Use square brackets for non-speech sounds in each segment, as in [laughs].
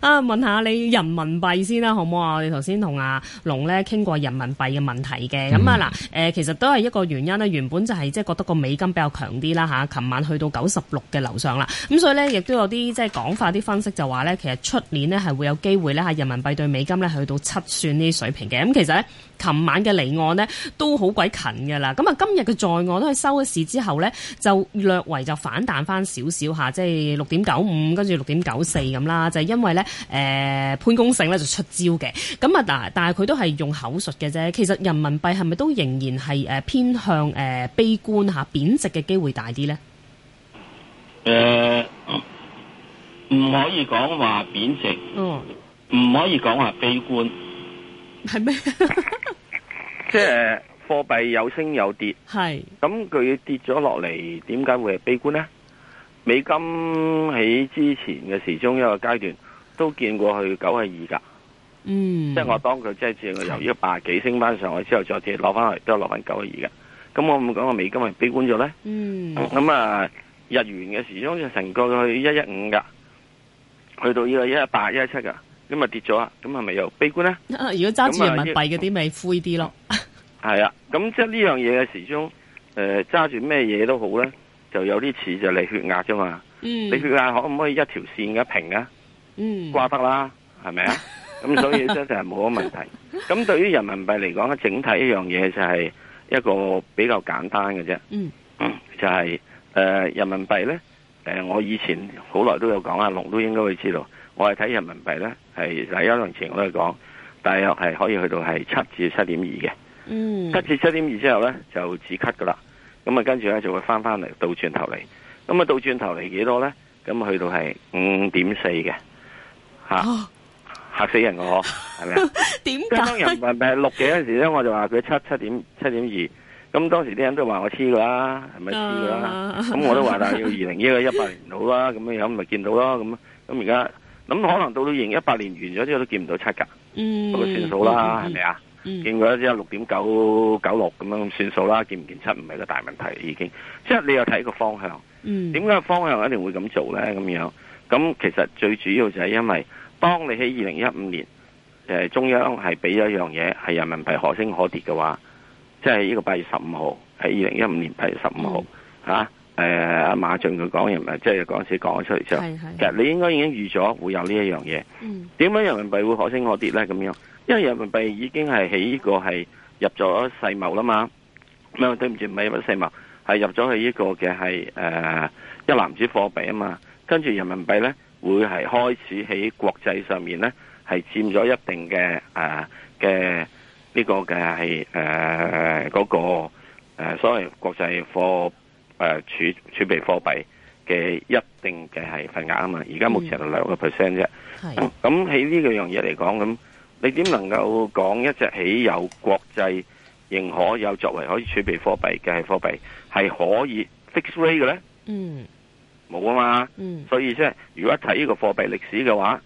啊，問下你人民幣先啦，好唔好啊？我哋頭先同阿龍咧傾過人民幣嘅問題嘅，咁啊嗱，誒其實都係一個原因啦。原本就係即係覺得個美金比較強啲啦嚇，琴晚去到九十六嘅樓上啦，咁所以呢，亦都有啲即係講法，啲分析就話呢，其實出年呢係會有機會呢，下人民幣對美金呢去到七算呢水平嘅，咁其實呢，琴晚嘅離岸呢都好鬼近噶啦，咁啊今日嘅在岸都係收咗市之後呢，就略為就反彈翻少少下，即係六點九五跟住六點九四咁啦，就係因為呢。誒、呃，潘功勝咧就出招嘅，咁啊嗱，但係佢都係用口述嘅啫。其實人民幣係咪都仍然係誒偏向誒悲觀吓，貶值嘅機會大啲呢？誒，唔可以講話貶值，嗯，唔可以講話悲觀，係咩？即係貨幣有升有跌，係，咁佢跌咗落嚟，點解會係悲觀呢？美金喺之前嘅時中一個階段。都見過去九係二噶，嗯，即係我當佢即係自由，由依八啊幾升翻上去之後，再跌攞翻去，都係落翻九係二嘅。咁我唔講，個美金係悲觀咗咧，嗯。咁、嗯、啊，日元嘅時鐘就成個去一一五噶，去到呢個一一八一一七噶，咁咪跌咗啊？咁係咪又悲觀咧？如果揸住人民幣嗰啲咪灰啲咯？係、嗯、啊，咁即係呢樣嘢嘅時鐘，誒揸住咩嘢都好咧，就有啲似就係血壓啫嘛。你血壓可唔可以一條線一平啊？嗯掛得啦，係咪啊？咁 [laughs] 所以就係冇乜問題。咁對於人民幣嚟講咧，整體一樣嘢就係一個比較簡單嘅啫、嗯。嗯，就係、是、誒、呃、人民幣咧，誒、呃、我以前好耐都有講啊，龍都應該會知道。我係睇人民幣咧，係喺一兩前我都係講，大約係可以去到係七至七點二嘅。嗯，七至七點二之後咧就止咳噶啦。咁啊跟住咧就會翻翻嚟，倒轉頭嚟。咁啊倒轉頭嚟幾多咧？咁去到係五點四嘅。吓，吓死人個嗬，係咪啊？點 [laughs] 解？當人民咪錄嘅嗰陣時咧，我就話佢七七點七點二，咁當時啲人都話我黐噶啦，係咪黐噶啦？咁、uh... 我都話啦，但要二零一嘅一八年好啦，咁樣咁咪見到啦，咁咁而家，咁可能到到二零一八年完咗之後都見唔到七噶，咁、嗯、算數啦，係咪啊？見過一只有六點九九六咁樣算數啦，見唔見七唔係個大問題，已經，即係你又睇個方向，點、嗯、解方向一定會咁做咧？咁樣，咁其實最主要就係因為。當你喺二零一五年，誒中央係俾咗一樣嘢，係人民幣可升可跌嘅話，即係呢個八月十五號，喺二零一五年八月十五號，吓、嗯、誒、啊、阿、啊、馬俊佢講嘢即係嗰陣時講咗出嚟啫。其實你應該已經預咗會有呢一樣嘢。點、嗯、解人民幣會可升可跌咧？咁樣，因為人民幣已經係喺呢個係入咗世貿啦嘛。咩係，對唔住，唔係入咗世貿，係入咗去呢個嘅係誒一籃子貨幣啊嘛。跟住人民幣咧。會係開始喺國際上面咧，係佔咗一定嘅誒嘅呢個嘅係誒嗰個誒、啊、所謂國際貨誒儲儲備貨幣嘅一定嘅係份額啊嘛。而家目前係兩個 percent 啫。嗯嗯嗯。係。咁喺呢個樣嘢嚟講，咁你點能夠講一隻起有國際認可、有作為可以儲備貨幣嘅係貨幣係可以 fix rate 嘅咧？嗯。冇啊嘛，嗯，所以即係如果一睇呢個貨幣歷史嘅話，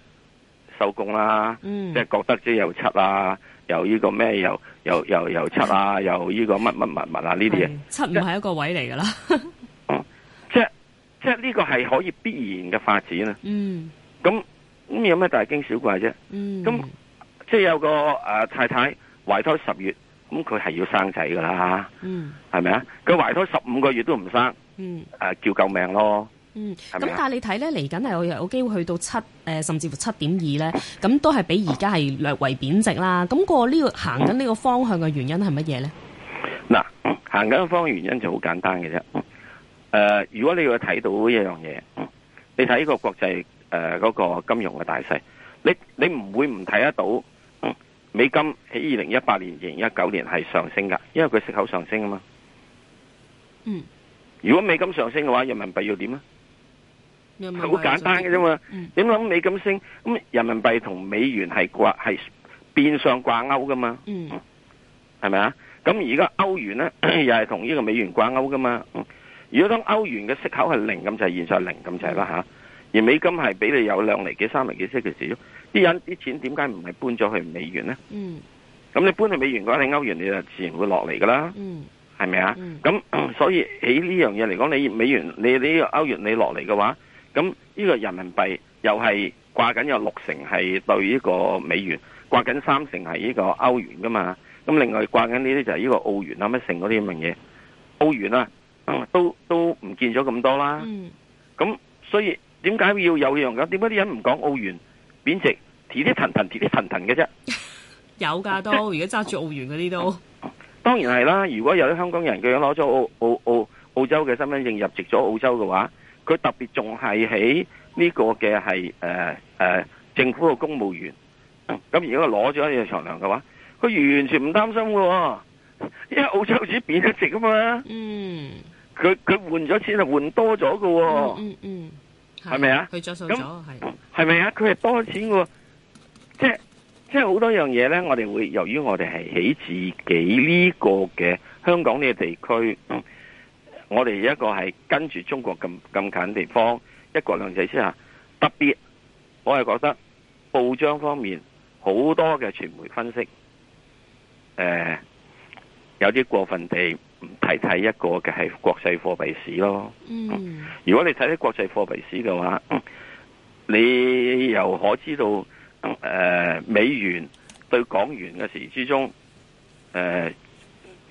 收工啦，即係覺得即係又七啊，又呢個咩又又又又七啊，又 [laughs] 呢個乜乜乜乜啊呢啲嘢，七唔係一個位嚟噶啦，哦， [laughs] 即係即係呢個係可以必然嘅發展啦，啊，咁，嗯，咁，嗯、有咩大驚小怪啫，啊，咁，嗯，即係有個誒、呃，太太懷胎十月，咁佢係要生仔噶啦係係咪啊？佢，嗯、懷胎十五個月都唔生，誒、嗯啊、叫救命咯！嗯，咁但係你睇咧嚟緊係我有機會去到七誒，甚至乎七點二咧，咁都係比而家係略為貶值啦。咁、這個呢個行緊呢個方向嘅原因係乜嘢咧？嗱、嗯，行緊個方向原因就好簡單嘅啫。誒、呃，如果你要睇到一樣嘢、呃，你睇個國際誒嗰個金融嘅大勢，你你唔會唔睇得到，嗯，美金喺二零一八年、二零一九年係上升噶，因為佢息口上升啊嘛。嗯，如果美金上升嘅話，人民幣要點啊？好簡單嘅啫嘛，點、嗯、諗美金升，咁人民幣同美元係掛係變相掛鈎噶嘛，係、嗯、咪啊？咁而家歐元咧又係同呢個美元掛鈎噶嘛。如果當歐元嘅息口係零咁就係現在零咁就係啦吓，而美金係俾你有兩厘幾、三厘幾息嘅時候，啲人啲錢點解唔係搬咗去美元咧？咁、嗯、你搬去美元嘅話，你歐元你就自然會落嚟噶啦，係、嗯、咪啊？咁、嗯、所以喺呢樣嘢嚟講，你美元你你歐元你落嚟嘅話。咁、這、呢個人民幣又係掛緊有六成係對呢個美元，掛緊三成係呢個歐元㗎嘛。咁另外掛緊呢啲就係呢個澳元啊乜剩嗰啲咁嘅嘢。澳元啦、啊嗯啊，都都唔見咗咁多啦。咁、嗯啊、所以點解要有用㗎？點解啲人唔講澳元貶值？跌啲騰騰，跌啲騰騰嘅啫。有㗎都，而家揸住澳元嗰啲都。當然係啦，如果有啲香港人佢想攞咗澳澳澳澳，澳洲嘅身份證入籍咗澳洲嘅話。佢特別仲係喺呢個嘅係誒誒政府嘅公務員。咁如果攞咗一隻長糧嘅話，佢完全唔擔心嘅、哦，因為澳洲紙變咗值啊嘛。嗯，佢佢換咗錢就換多咗嘅喎。嗯嗯，係、嗯、咪啊？佢著數咗係咪啊？佢係多咗錢嘅，即係即係好多樣嘢咧。我哋會由於我哋係喺自己呢個嘅香港呢個地區。嗯我哋一個係跟住中國咁咁近的地方，一國兩制之下，特別我係覺得報章方面好多嘅傳媒分析，誒、呃、有啲過分地唔提睇一個嘅係國際貨幣史咯。嗯，如果你睇啲國際貨幣史嘅話，你又可知道誒、呃、美元對港元嘅時之中，誒、呃、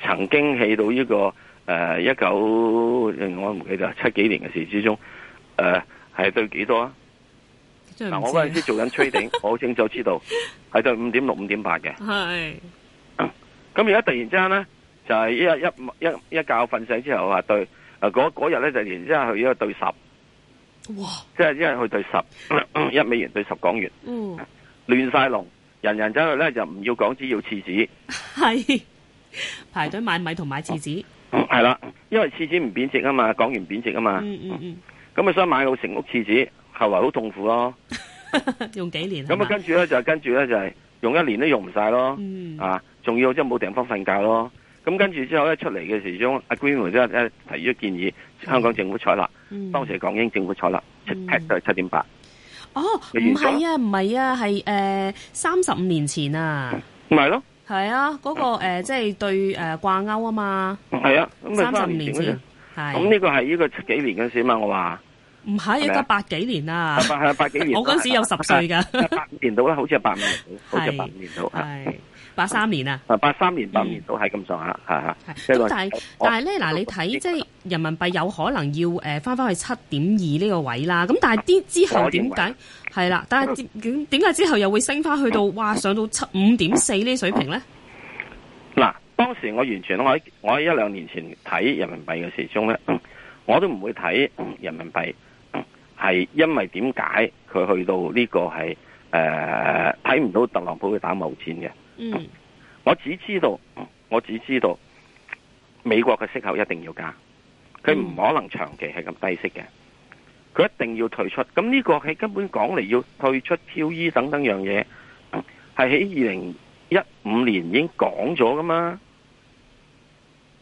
曾經起到呢、這個。誒，一九我唔記得七幾年嘅事之中，誒、uh, 係對幾多啊？嗱，uh, 我嗰陣時做緊 trading， [laughs] 我好清楚知道係對五點六五點八嘅。係，咁而家突然之間咧，就係、是、一日一一一覺瞓醒之後話對嗰、啊、日咧就然之後去一個對十，哇！即係一人去對十， [coughs] 一美元對十港元。嗯、哦，亂晒龍，人人走去咧就唔要港紙，要廁紙。係，排隊買米同買廁紙。嗯係啦， [noise] 因為廁紙唔貶值啊嘛，港元貶值啊嘛，咁啊所以買到成屋廁紙，後嚟好痛苦咯。 [laughs] 用幾年？咁啊， [laughs] 跟住咧就，跟住咧就係用一年都用唔晒咯、嗯。啊，仲要即係冇地方瞓覺咯。咁跟住之後咧，出嚟嘅時中，Agreement 即提咗建議，香港政府採納、嗯，當時港英政府採納、嗯，七 p 都係七點八。哦，唔係啊，唔係啊，係誒三十五年前啊，唔係咯。 [noise] 是係啊，嗰、那個誒，即、呃、係、就是、對誒、呃、掛鈎啊嘛。係、嗯、啊，三、嗯、十年先。係。咁呢個係呢個七幾年嗰時嘛，我話。唔係，而家八幾年啊八係啊，八幾年。我嗰時有十歲噶。八,八,八五年到啦，好似係八五年好似八五年到係。八三年啊。八三年、啊嗯，八年都係咁上下，吓、嗯、吓。咁但係但係咧，嗱、呃，你睇即係人民幣有可能要誒返返去七點二呢個位啦。咁但係啲之後點解？係啦，但係點點解之後又會升翻去到哇上到七五點四呢水平咧？嗱，當時我完全我喺我喺一兩年前睇人民幣嘅時鐘咧，我都唔會睇人民幣係，因為點解佢去到呢個係誒睇唔到特朗普去打貿易戰嘅？嗯，我只知道，我只知道美國嘅息口一定要加，佢唔可能長期係咁低息嘅。佢一定要退出，咁呢個係根本講嚟要退出 QE 等等樣嘢，係喺二零一五年已經講咗噶嘛？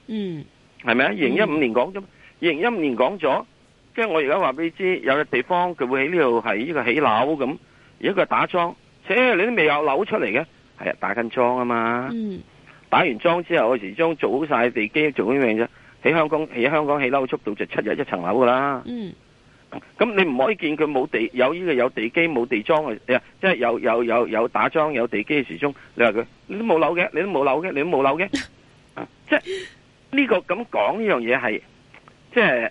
嗯，係咪啊？二零一五年講咗，二零一五年講咗，即係我而家話俾你知，有個地方佢會喺呢度係呢個起樓咁，而家佢打樁，且你都未有樓出嚟嘅，係、哎、啊打緊樁啊嘛，嗯，打完樁之後，有時將做好晒地基，做啲咩啫？喺香港，喺香港起樓速度就七日一層樓噶啦，嗯。咁、嗯、你唔可以見佢冇地有呢個有地基冇地樁嘅，即、就、係、是、有有有有打樁有地基嘅時鐘，你話佢你都冇樓嘅，你都冇樓嘅，你都冇樓嘅，即係呢、這個咁講呢樣嘢係即係誒、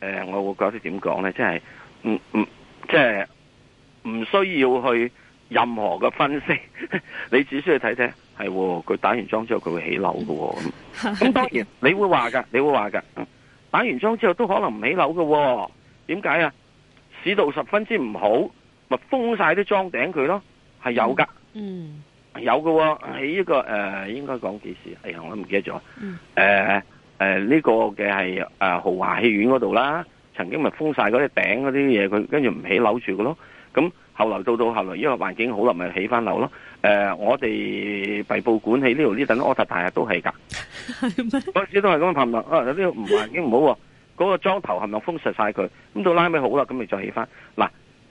呃，我會覺得點講呢？即係唔唔即係唔需要去任何嘅分析， [laughs] 你只需要睇睇係，佢打完樁之後佢會起樓嘅、哦。咁當然你會話噶，你會話噶、嗯，打完樁之後都可能唔起樓嘅、哦。點解啊？市道十分之唔好，咪封晒啲裝頂佢咯，係有噶、嗯，嗯，有㗎喎、哦。喺呢、這個誒、呃，應該講幾時？哎呀，我都唔記得咗。誒、嗯、誒，呢、呃呃這個嘅係誒豪華戲院嗰度啦，曾經咪封晒嗰啲頂嗰啲嘢，佢跟住唔起樓住嘅咯。咁、嗯、後嚟到到後嚟，因為環境好啦，咪起翻樓咯。誒、呃，我哋第報館喺呢度呢等柯特大廈都係噶。係咩？我始終係咁嘅評論啊！呢度唔環境唔好、啊。 [laughs] 嗰、那個莊頭係咪封實晒佢？咁到拉尾好啦，咁你再起翻。嗱，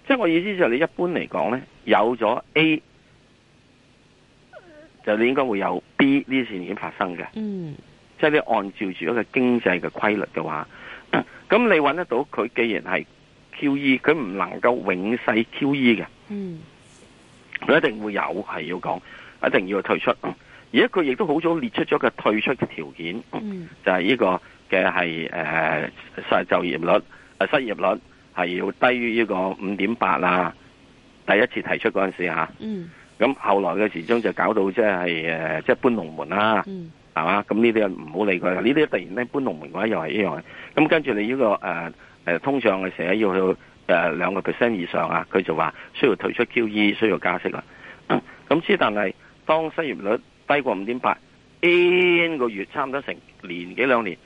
即係我意思就係你一般嚟講咧，有咗 A，就你應該會有 B 呢啲事件發生嘅。嗯，即、就、係、是、你按照住一個經濟嘅規律嘅話，咁、嗯、你搵得到佢，既然係 QE，佢唔能夠永世 QE 嘅。嗯，佢一定會有係要講，一定要退出。而家佢亦都好早列出咗嘅退出嘅條件，就係呢個嘅係誒就業率、失業率係要低於呢個五點八啦。第一次提出嗰陣時下，咁後來嘅始終就搞到即係即係搬龍門啦，係嘛？咁呢啲唔好理佢啦，呢啲突然咧搬龍門嘅話又係一樣。咁跟住你呢個誒通脹嘅時候要到誒兩個 percent 以上啊，佢就話需要退出 QE 需要加息啦。咁之但係當失業率低過五點八，n 個月差唔多成年幾兩年，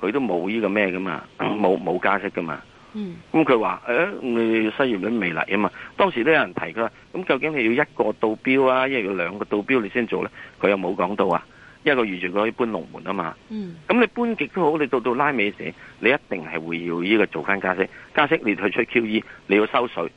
佢都冇呢個咩噶嘛，冇冇加息噶嘛。嗯，咁佢話誒，失業率未嚟啊嘛。當時都有人提佢，咁、嗯、究竟你要一個到標啊，一係要兩個到標你先做咧？佢又冇講到啊。一個完全可以搬龍門啊嘛。嗯，咁、嗯、你搬極都好，你到到拉尾時，你一定係會要呢個做翻加息。加息你退出 QE，你要收稅，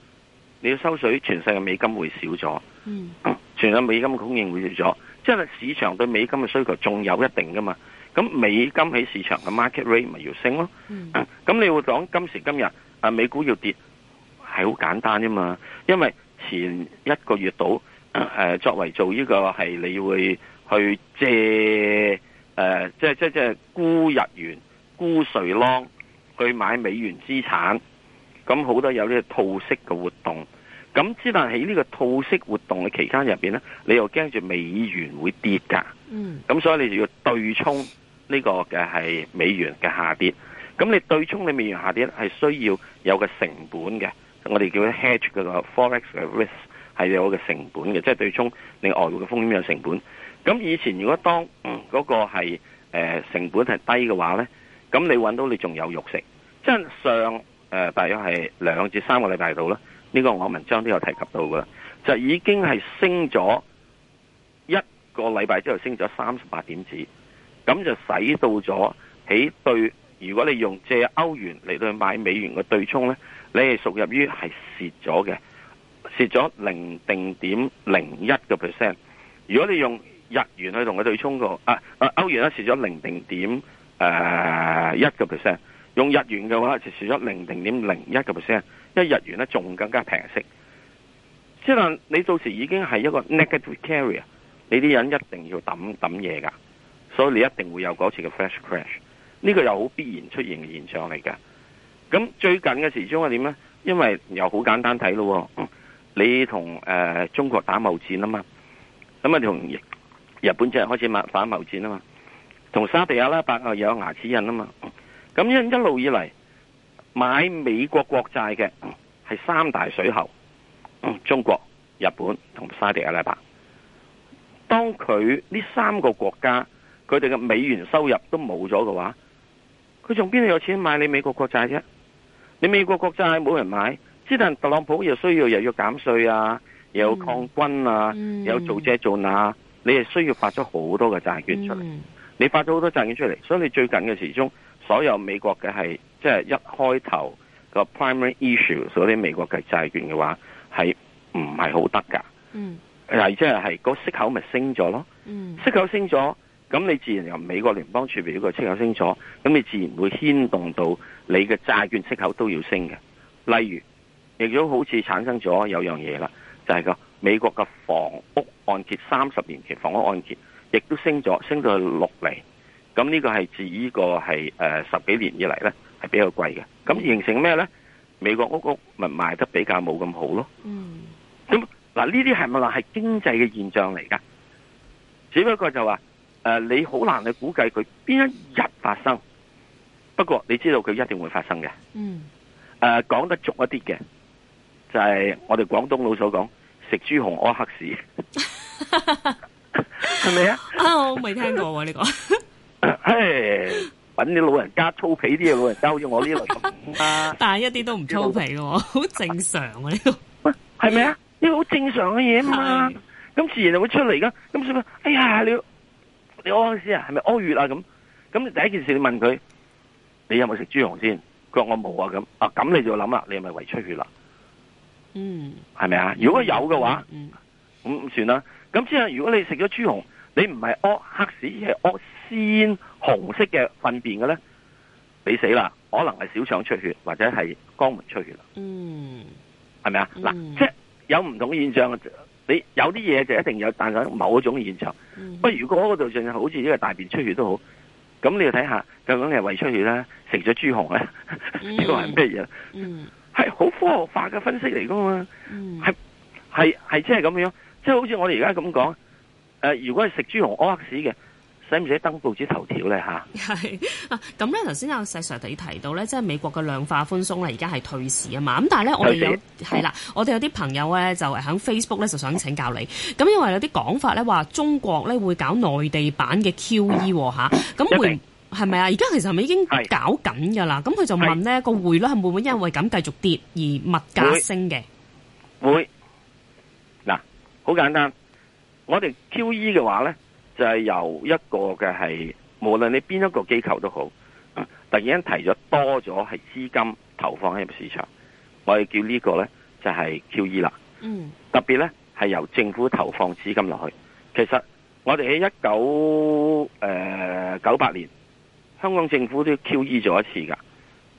你要收水，全世界的美金會少咗。嗯，全世界美金嘅供應會少咗。即係市場對美金嘅需求仲有一定噶嘛，咁美金喺市場嘅 market rate 咪要升咯。咁、嗯啊、你會講今時今日啊，美股要跌係好簡單啫嘛，因為前一個月度、啊啊、作為做呢、呢個係你會去借誒、啊、即係即係即係沽日元沽瑞郎去買美元資產，咁好多有啲套息嘅活動。咁之但喺呢個套息活動嘅期他間入面咧，你又驚住美元會跌㗎。嗯，咁所以你就要對沖呢個嘅係美元嘅下跌。咁你對沖你美元下跌咧，係需要有個成本嘅。我哋叫 hedge 嗰個 forex 嘅 risk 係有個成本嘅，即係對沖你外匯嘅風險有成本。咁以前如果當嗰個係成本係低嘅話咧，咁你揾到你仲有肉食，即係上大約係兩至三個禮拜度啦。呢個我文章都有提及到㗎喇，就已經係升咗一個禮拜之後升咗三十八點子，咁就使到咗喺對，如果你用借歐元嚟到買美元嘅對沖咧，你係屬入於係蝕咗嘅，蝕咗零定點零一個 percent。如果你用日元去同佢對沖個啊啊歐元咧，蝕咗零定點誒一個 percent，用日元嘅話就蝕咗零定點零一個 percent。一日元咧仲更加平息，即係你到時已經係一個 negative carrier，你啲人一定要抌抌嘢噶，所以你一定會有嗰次嘅 flash crash，呢個又好必然出現嘅現象嚟㗎。咁最近嘅時鐘係點呢？因為又好簡單睇咯，你同誒、呃、中國打貿戰啊嘛，咁啊同日本即人開始反反貿戰啊嘛，同沙地阿拉伯又有牙齒印啊嘛，咁一一路以嚟。買美國國債嘅係三大水喉、嗯，中國、日本同沙特阿拉伯。當佢呢三個國家佢哋嘅美元收入都冇咗嘅話，佢仲邊度有錢買你美國國債啫？你美國國債冇人買，之但特朗普又需要又要減稅啊，又要抗軍啊，嗯、又要做遮做那、啊，你係需要發咗好多嘅債券出嚟、嗯。你發咗好多債券出嚟，所以你最近嘅時鐘所有美國嘅係。即、就、係、是、一開頭個 primary issue，所以啲美國嘅債券嘅話係唔係好得噶。嗯，係即係係個息口咪升咗咯。嗯，息口升咗，咁你自然由美國聯邦儲備呢個息口升咗，咁你自然會牽動到你嘅債券息口都要升嘅。例如，亦都好似產生咗有樣嘢啦，就係、是、個美國嘅房屋按揭三十年期房屋按揭，亦都升咗，升到六厘。咁呢個係自呢個係誒十幾年以嚟咧。比較貴嘅，咁形成咩咧？美國嗰個咪賣得比較冇咁好咯。嗯。咁嗱，呢啲係咪話係經濟嘅現象嚟㗎？只不過就話誒、呃，你好難去估計佢邊一日發生。不過你知道佢一定會發生嘅。嗯。誒、呃，講得俗一啲嘅，就係、是、我哋廣東佬所講，食豬紅屙黑屎。係咪啊？啊，我未聽過喎、啊、呢、 [laughs] 這個。誒。 [laughs] 揾啲老人家粗皮啲嘅老人家好似我呢類、 [laughs] 啊，但係一啲都唔粗皮嘅 [laughs] 好正常嘅，呢個係咪啊？呢個好正常嘅嘢嘛，咁自然就會出嚟噶。咁算啦，哎呀，你你屙屎啊？係咪屙血啊？咁咁你第一件事你問佢，你有冇食豬紅先？佢話我冇啊，咁啊咁你就諗啦，你係咪胃出血啦？嗯，係咪啊？如果有嘅話，咁、嗯、算啦。咁之後如果你食咗豬紅。你唔係屙黑屎，而係屙鮮紅色嘅糞便嘅咧，你死啦！可能係小腸出血，或者係肛門出血。嗯，係咪啊？嗱、嗯，即係有唔同嘅現象。你有啲嘢就一定有，但係某一種現象。嗯、不過，如果嗰度出現好似呢個大便出血都好，咁你要睇下，究竟係胃出血啦，食咗豬紅咧，呢個係咩嘢？嗯，係好科學化嘅分析嚟噶嘛？係、嗯，係係係即係咁樣，即係好似我哋而家咁講。誒、呃，如果係食豬紅屙屎嘅，使唔使登報紙頭條咧？吓係啊！咁咧，頭先阿細 sir 提到咧，即係美國嘅量化寬鬆咧，而家係退市啊嘛。咁但係咧，我哋有係啦，我哋有啲朋友咧就喺 Facebook 咧就想請教你。咁因為有啲講法咧，話中國咧會搞內地版嘅 QE 吓，咁會係咪啊？而家其實係咪已經搞緊噶啦。咁佢就問呢個匯率係會唔會因為咁繼續跌而物價升嘅？會嗱，好簡單。嗯我哋 QE 嘅話呢，就係由一個嘅係，無論你邊一個機構都好，突然間提咗多咗係資金投放喺入市場，我哋叫呢個呢，就係 QE 啦。嗯，特別呢係由政府投放資金落去。其實我哋喺一九誒九八年，香港政府都 QE 咗一次噶。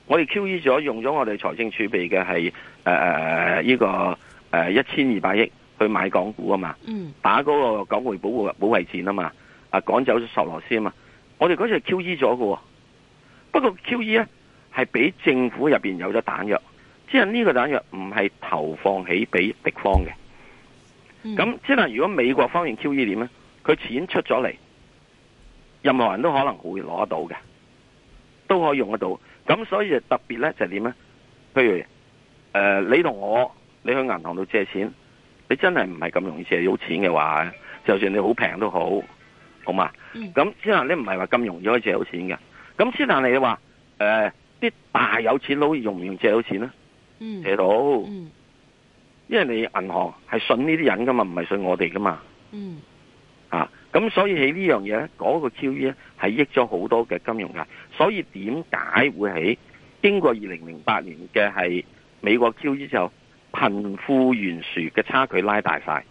我哋 QE 咗用咗我哋財政儲備嘅係誒呢個誒一千二百億。呃去買港股啊嘛，打嗰個港匯保護保衛戰啊嘛，啊趕走索羅斯啊嘛。我哋嗰時 Q.E. 咗喎，不過 Q.E. 咧係俾政府入邊有咗彈藥，即係呢個彈藥唔係投放起俾敵方嘅。咁即係如果美國方面 Q.E. 點咧，佢錢出咗嚟，任何人都可能會攞得到嘅，都可以用得到。咁所以特別咧就係點咧？譬如誒、呃，你同我你去銀行度借錢。你真係唔係咁容易借到錢嘅話，就算你好平都好，好嘛？咁、嗯、先，下你唔係話咁容易可以借到錢嘅。咁先，下你你話，誒、呃、啲大有錢佬用唔用借到錢呢？嗯、借到，嗯、因為你銀行係信呢啲人噶嘛，唔係信我哋噶嘛。嗯、啊，咁所以喺呢樣嘢咧，嗰、那個 QE 咧係益咗好多嘅金融界。所以點解會喺經過二零零八年嘅係美國 QE 之後，貧富懸殊嘅差距拉大晒，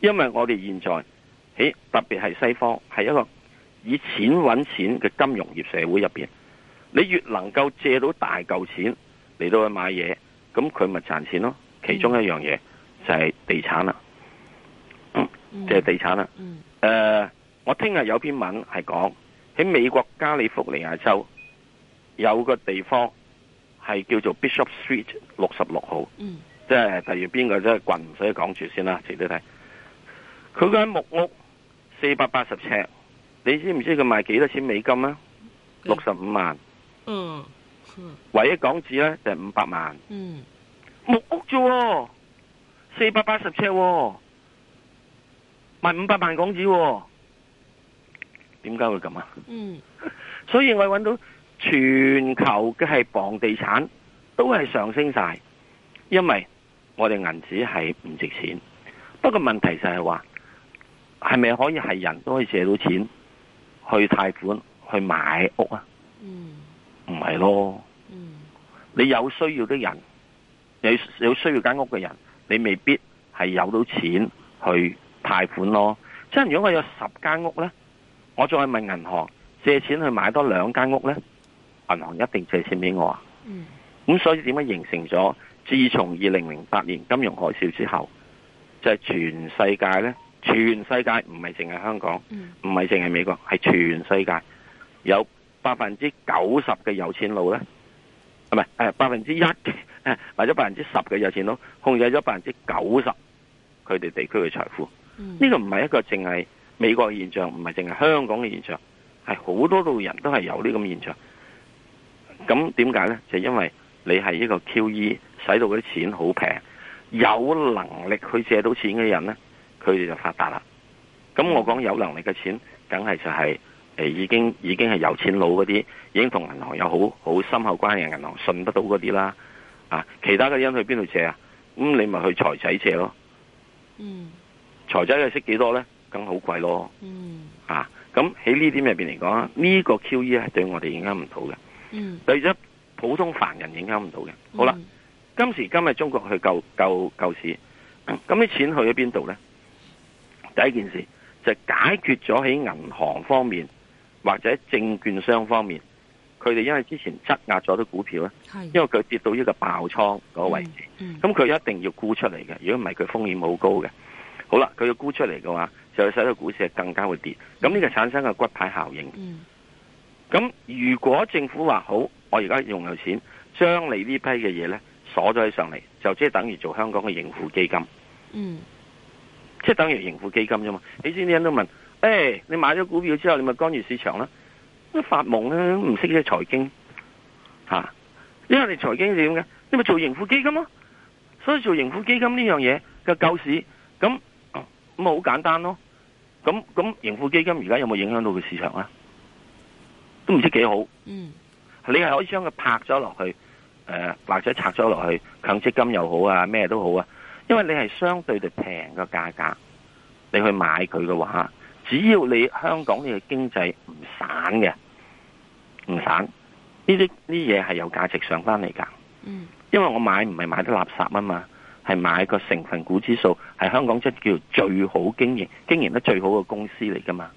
因為我哋現在喺特別係西方，係一個以錢揾錢嘅金融業社會入邊，你越能夠借到大嚿錢嚟到去買嘢，咁佢咪賺錢咯？其中一樣嘢就係地產啦，嗯，即係地產啦。誒，我聽日有篇文係講喺美國加利福尼亞州有個地方係叫做 Bishop Street 六十六號。即係譬如邊個即係群，所以講住先啦，自己睇。佢間木屋四百八十尺，你知唔知佢賣幾多錢美金啊？六十五萬。嗯。唯一港紙咧就係五百萬。嗯。木屋啫啊，四百八十尺，賣五百萬港紙啊。點解會咁啊？嗯。所以我搵到全球嘅係房地產都係上升晒，因為。我哋銀紙係唔值錢，不過問題就係話，係咪可以係人都可以借到錢去貸款去買屋啊？嗯，唔係咯。嗯，你有需要的人，有有需要間屋嘅人，你未必係有到錢去貸款咯。即係如果我有十間屋咧，我再問銀行借錢去買多兩間屋咧，銀行一定借錢俾我啊。嗯，咁所以點解形成咗？自從二零零八年金融海嘯之後，就係全世界咧，全世界唔係淨係香港，唔係淨係美國，係全世界有百分之九十嘅有錢佬咧，唔係誒百分之一，嘅，或者百分之十嘅有錢佬控制咗百分之九十佢哋地區嘅財富。呢個唔係一個淨係美國嘅現象，唔係淨係香港嘅現象，係好多路人都係有呢咁嘅現象。咁點解咧？就是因為你係一個 QE 使到嗰啲錢好平，有能力去借到錢嘅人呢，佢哋就發達啦。咁我講有能力嘅錢，梗係就係誒已經已經係有錢佬嗰啲，已經同銀行有好好深厚關係嘅銀行信得到嗰啲啦。啊，其他嘅人去邊度借啊？咁你咪去財仔借咯。嗯。財仔又識幾多呢？梗好貴咯。嗯。啊，咁喺呢啲入邊嚟講，呢個 QE 係對我哋影響唔到嘅。嗯。普通凡人影響唔到嘅。好啦，嗯、今時今日中國去救救救市，咁啲錢去咗邊度呢？第一件事就係，解決咗喺銀行方面或者證券商方面，佢哋因為之前質押咗啲股票咧，因為佢跌到呢個爆倉嗰個位置，咁，嗯，佢，嗯、一定要沽出嚟嘅。如果唔係，佢風險好高嘅。好啦，佢要沽出嚟嘅話，就會使到股市更加會跌。咁，嗯、呢個產生嘅骨牌效應。咁，嗯、如果政府話好，我而家用嚟錢，將你這批的東西呢批嘅嘢咧鎖咗喺上嚟，就即係等於做香港嘅盈富基金。嗯，即係等於盈富基金啫嘛。你知啲人都問，誒、欸，你買咗股票之後，你咪干預市場啦？都發夢啦、啊，唔識啲財經吓、啊。因為你財經點嘅？你咪做盈富基金咯、啊。所以做盈富基金呢樣嘢嘅救市，咁哦咪好簡單咯。咁咁盈富基金而家有冇影響到個市場啊？都唔知幾好。嗯。你係可以將佢拍咗落去，誒或者拆咗落去，強積金又好啊，咩都好啊，因為你係相對地平個價格，你去買佢嘅話，只要你香港嘅經濟唔散嘅，唔散呢啲呢嘢係有價值上翻嚟噶。嗯，因為我買唔係買得垃圾啊嘛，係買個成分股指數係香港即叫最好經營、經營得最好嘅公司嚟噶嘛。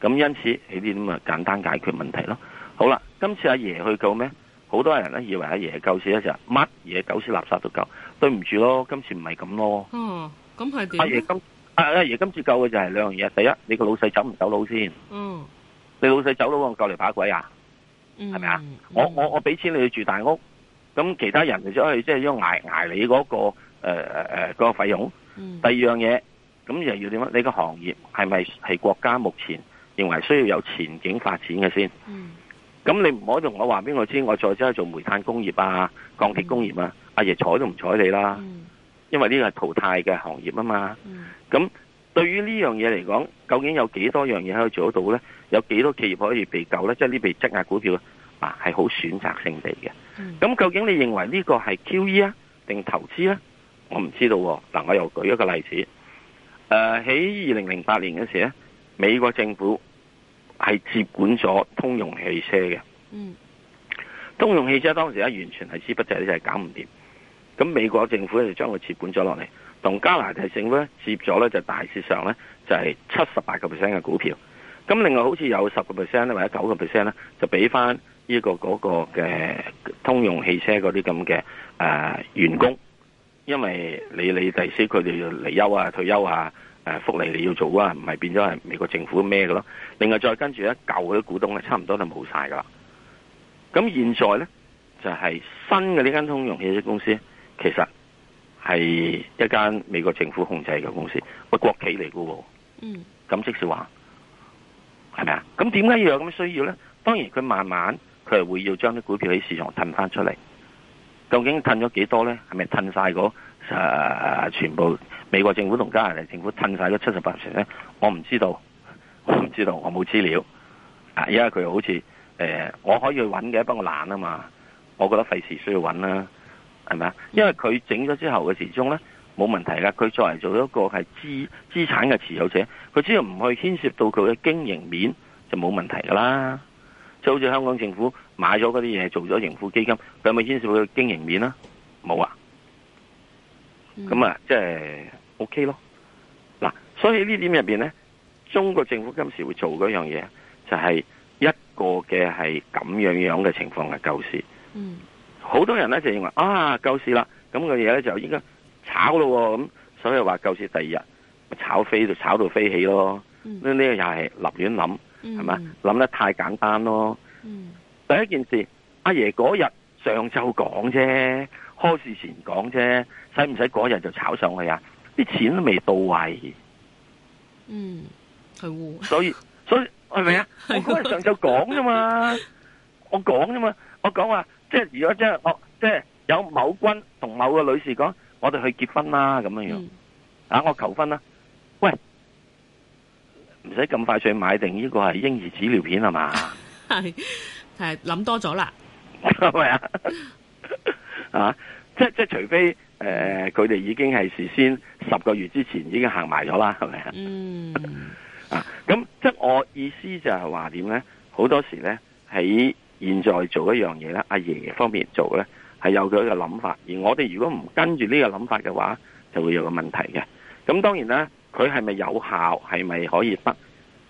咁因此呢啲咁啊簡單解決問題咯。好啦。今次阿爺去救咩？好多人咧以為阿爺救死一就乜嘢狗屎垃圾都救，對唔住咯，今次唔係咁咯。咁係點？阿爺今阿阿爺今次救嘅就係兩樣嘢。第一，你個老細走唔走佬先，哦走跑跑啊？嗯，你老細走佬，我救嚟把鬼啊？係咪啊？我我我俾錢你去住大屋，咁其他人就即係、就是、要挨挨你嗰、那個誒誒誒個費用。嗯。第二樣嘢，咁又要點啊？你個行業係咪係國家目前認為需要有前景發展嘅先？嗯。咁你唔可以同我話畀我知，我再走去做煤炭工業啊、鋼鐵工業啊，阿爺睬都唔睬你啦，嗯，因為呢個係淘汰嘅行業啊嘛。咁，嗯，對於呢樣嘢嚟講，究竟有幾多樣嘢可以做得到呢？有幾多企業可以被救呢？即係呢被質押股票啊，係好選擇性地嘅。咁，嗯，究竟你認為呢個係 QE 啊，定投資呢、啊、我唔知道，啊。嗱，我又舉一個例子，誒，喺二零零八年嗰時咧，美國政府。係接管咗通用汽車嘅，嗯，通用汽車當時咧完全係資不濟力，係搞唔掂。咁美國政府咧就將佢接管咗落嚟，同加拿大政府咧接咗咧就大致上咧就係七十八個 percent 嘅股票。咁另外好似有十個 percent 咧或者九個 percent 咧就俾翻呢個嗰個嘅通用汽車嗰啲咁嘅誒員工，因為你你第四，佢哋要離休啊退休啊。誒，福利你要做啊，唔係變咗係美國政府咩嘅咯？另外再跟住一舊嗰啲股東咧，差唔多就冇晒噶啦。咁現在咧，就係新嘅呢間通用汽車公司，其實係一間美國政府控制嘅公司，個國企嚟噶喎。嗯。咁即係話，係咪啊？咁點解要有咁嘅需要咧？當然，佢慢慢佢係會要將啲股票喺市場褪翻出嚟。究竟褪咗幾多咧？係咪褪晒嗰？誒、啊，全部美國政府同加拿大政府褪晒咗七十八成咧？我唔知道，我唔知道，我冇資料。啊，因為佢好似誒、欸，我可以去揾嘅，不過懶啊嘛。我覺得費事需要揾啦、啊，係咪啊？因為佢整咗之後嘅時鐘咧，冇問題噶。佢作為做咗一個係資資產嘅持有者，佢只要唔去牽涉到佢嘅經營面，就冇問題噶啦。就好似香港政府買咗嗰啲嘢做咗盈富基金，佢有冇牽涉到佢嘅經營面沒啊？冇啊。咁、嗯、啊，即係 O K 咯。嗱、啊，所以點面呢點入邊咧，中國政府今時會做嗰樣嘢，就係、是、一個嘅係咁樣樣嘅情況嘅救市。嗯，好多人咧就認為啊，救市啦，咁嘅嘢咧就應該炒咯。咁所以話救市第二日咪炒飛，就炒，炒到飛起咯。呢、嗯、呢、那個又係立亂諗，係、嗯、咪？諗得太簡單咯。嗯、第一件事，阿爺嗰日上晝講啫，開市前講啫。使唔使嗰日就炒上去啊？啲錢都未到位，嗯，係烏，所以所以係咪啊？我嗰日上晝講啫嘛， [laughs] 我講啫嘛，我講話、啊、即係如果、哦、即係我即係有某君同某個女士講，我哋去結婚啦，咁樣樣、嗯，啊，我求婚啦、啊，喂，唔使咁快上去買定呢個係嬰兒紙尿片係嘛，係係諗多咗啦，係咪啊？啊，即即除非。誒、呃，佢哋已經係事先十個月之前已經行埋咗啦，係咪、嗯、 [laughs] 啊？嗯啊，咁即係我意思就係話點咧？好多時咧喺現在做一樣嘢咧，阿爺爺方面做咧係有佢一個諗法，而我哋如果唔跟住呢個諗法嘅話，就會有個問題嘅。咁當然啦，佢係咪有效，係咪可以得，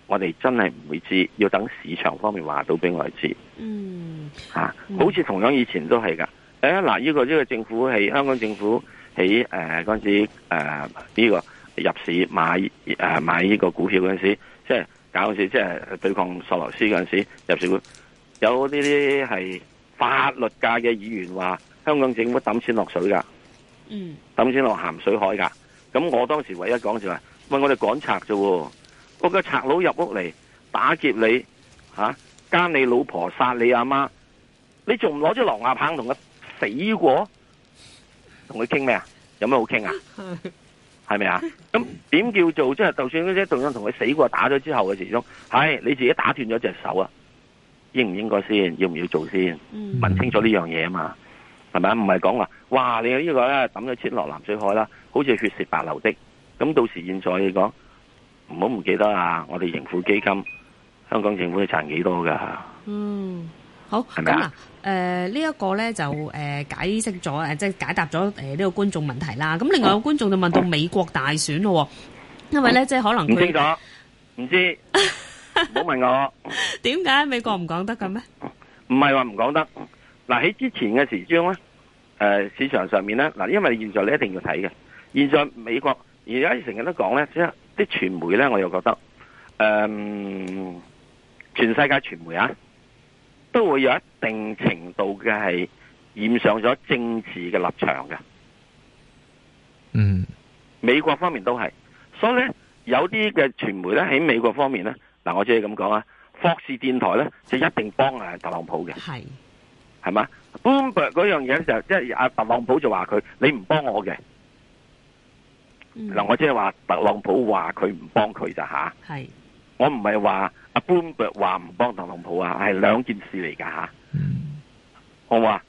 我哋真係唔會知，要等市場方面話到俾我知。嗯啊，好似同樣以前都係噶。誒、哎，嗱，呢個呢個政府係香港政府喺誒嗰陣時誒呢、呃這個入市買誒、呃、買呢個股票嗰陣時，即係搞事，即係對抗索羅斯嗰陣時入市會，有啲啲係法律界嘅議員話香港政府抌錢落水噶，嗯，抌錢落鹹水海噶。咁我當時唯一講就話，喂，我哋趕賊啫，個個賊佬入屋嚟打劫你，吓、啊、奸你老婆殺你阿媽，你仲唔攞咗狼牙棒同死過，同佢傾咩啊？有咩好傾啊？係咪啊？咁點叫做即係？就，是、就算嗰隻杜總同佢死過打咗之後嘅時鐘，係你自己打斷咗隻手啊？應唔應該先？要唔要做先？問清楚呢樣嘢啊嘛？係咪啊？唔係講話哇！你呢個咧抌咗錢落鹹水海啦，好似血是白流的。咁到時現在你講唔好唔記得啊！我哋盈富基金、香港政府賺幾多噶？嗯。 [laughs] 好咁嗱，誒、呃這個、呢一個咧就誒、呃、解釋咗誒，即係解答咗誒呢個觀眾問題啦。咁另外有觀眾就問到美國大選咯，因為咧即係可能唔清楚，唔知唔好 [laughs] 問我。點解美國唔講得咁咩？唔係話唔講得。嗱，啊，喺之前嘅時裝咧，誒，啊、市場上面咧嗱，啊，因為現在你一定要睇嘅。現在美國而家成日都講咧，即係啲傳媒咧，我又覺得誒、啊，全世界傳媒啊。都會有一定程度嘅係染上咗政治嘅立場嘅，嗯，美國方面都係，所以咧有啲嘅傳媒咧喺美國方面咧，嗱我只係咁講啊，霍士電台咧就一定幫誒特朗普嘅，係，係嘛，Bloomberg 嗰樣嘢就即係阿特朗普就話佢你唔幫我嘅，嗱我即係話特朗普話佢唔幫佢咋吓，係，我唔係話。阿 Bloomberg 話唔幫特朗普啊，係兩件事嚟噶吓，好唔好啊，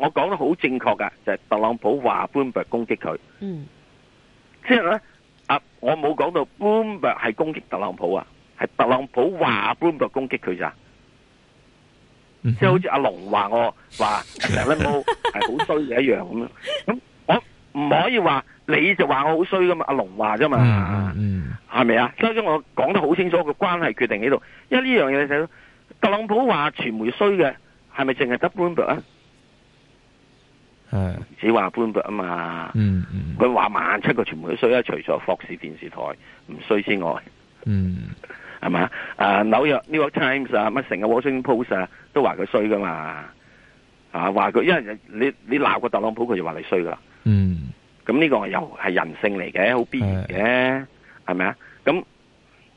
我講得好正確噶，就係、是、特朗普話 Bloomberg 攻擊佢，即係咧，啊，我冇講到 Bloomberg 係攻擊特朗普啊，係特朗普話 Bloomberg 攻擊佢咋，即、嗯、係、就是、好似阿龍話我話特朗普係好衰嘅一樣咁樣，咁、嗯、 [laughs] 我唔可以話你就話我好衰噶嘛？阿龍話啫嘛。嗯啊嗯嗯係咪啊？剛剛我講得好清楚個關係決定喺度，因為呢樣嘢你睇到，特朗普話傳媒衰嘅，係咪淨係得 Bloomberg 啊？不只話 Bloomberg 啊嘛？佢話萬七個傳媒衰啊，除咗霍士電視台唔衰之外，嗯，係嘛？啊紐約 New York Times 啊，乜成個 Washington Post 啊都話佢衰噶嘛？啊話佢，因為你你鬧過特朗普，佢就話你衰噶啦。咁、嗯、呢個又係人性嚟嘅，好必然嘅。係咪啊？咁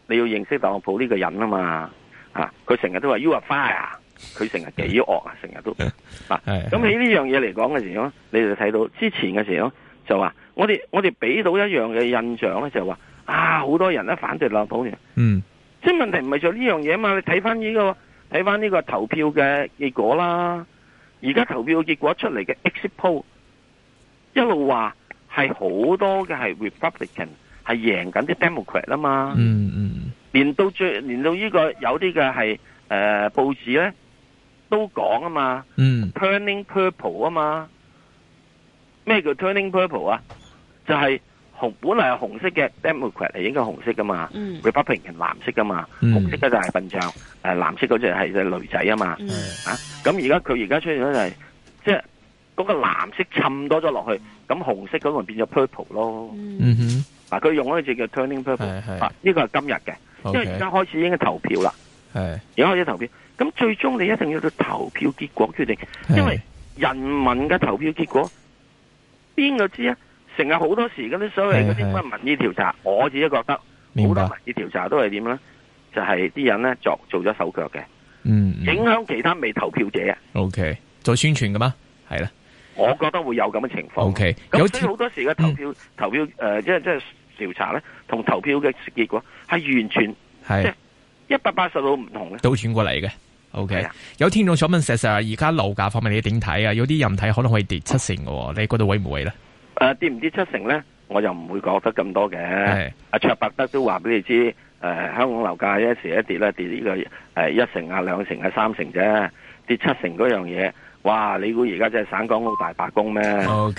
你要認識特朗普呢個人啊嘛，吓佢成日都話 you are fire，佢成日幾惡啊，成 [laughs] 日都嗱。咁喺呢樣嘢嚟講嘅時候，你就睇到之前嘅時候就話我哋我哋俾到一樣嘅印象咧，就話、是、啊好多人咧反對特朗普嘅。嗯，即係問題唔係做呢樣嘢啊嘛？你睇翻呢個睇翻呢個投票嘅結果啦，而家投票嘅結果出嚟嘅 exit poll 一路話係好多嘅係 republican。係贏緊啲 Democrat 啊嘛，嗯嗯，連到最連到呢個有啲嘅係誒報紙咧都講啊嘛，嗯，Turning purple 啊嘛，咩叫 Turning purple 啊？就係、是、紅，本嚟係紅色嘅 Democrat 嚟，應該紅色噶嘛，佢不平係藍色噶嘛，紅色嘅就係笨象，誒、嗯呃、藍色嗰隻係隻驢仔啊嘛，嗯、啊咁而家佢而家出現咗就係即係嗰個藍色滲多咗落去，咁紅色嗰個變咗 purple 咯，嗯哼。佢、啊、用嗰隻叫 Turning Purple，呢、啊這個係今日嘅，okay, 因為而家開始已經投票啦，而家開始投票，咁最終你一定要到投票結果決定，因為人民嘅投票結果邊個知啊？成日好多時嗰啲所謂嗰啲乜民意調查是是是，我自己覺得好多民意調查都係點咧，就係、是、啲人咧作做咗手腳嘅、嗯嗯，影響其他未投票者嘅。O、okay, K. 做宣傳嘅咩？係啦，我覺得會有咁嘅情況。O K. 有所以好多時嘅投票、嗯、投票誒、呃，即係即係。調查咧，同投票嘅結果係完全係一百八十度唔同嘅，倒轉過嚟嘅。O K，有聽眾想問石 Sir 而家樓價方面你點睇啊？有啲、啊、人睇可能可以跌七成嘅，你覺得會唔會咧？誒、呃，跌唔跌七成咧？我又唔會覺得咁多嘅。阿卓伯德都話俾你知，誒、呃，香港樓價一時一跌咧，跌呢、這個誒、呃、一成啊、兩成啊、三成啫，跌七成嗰樣嘢，哇！你估而家真係省港澳大罷工咩？OK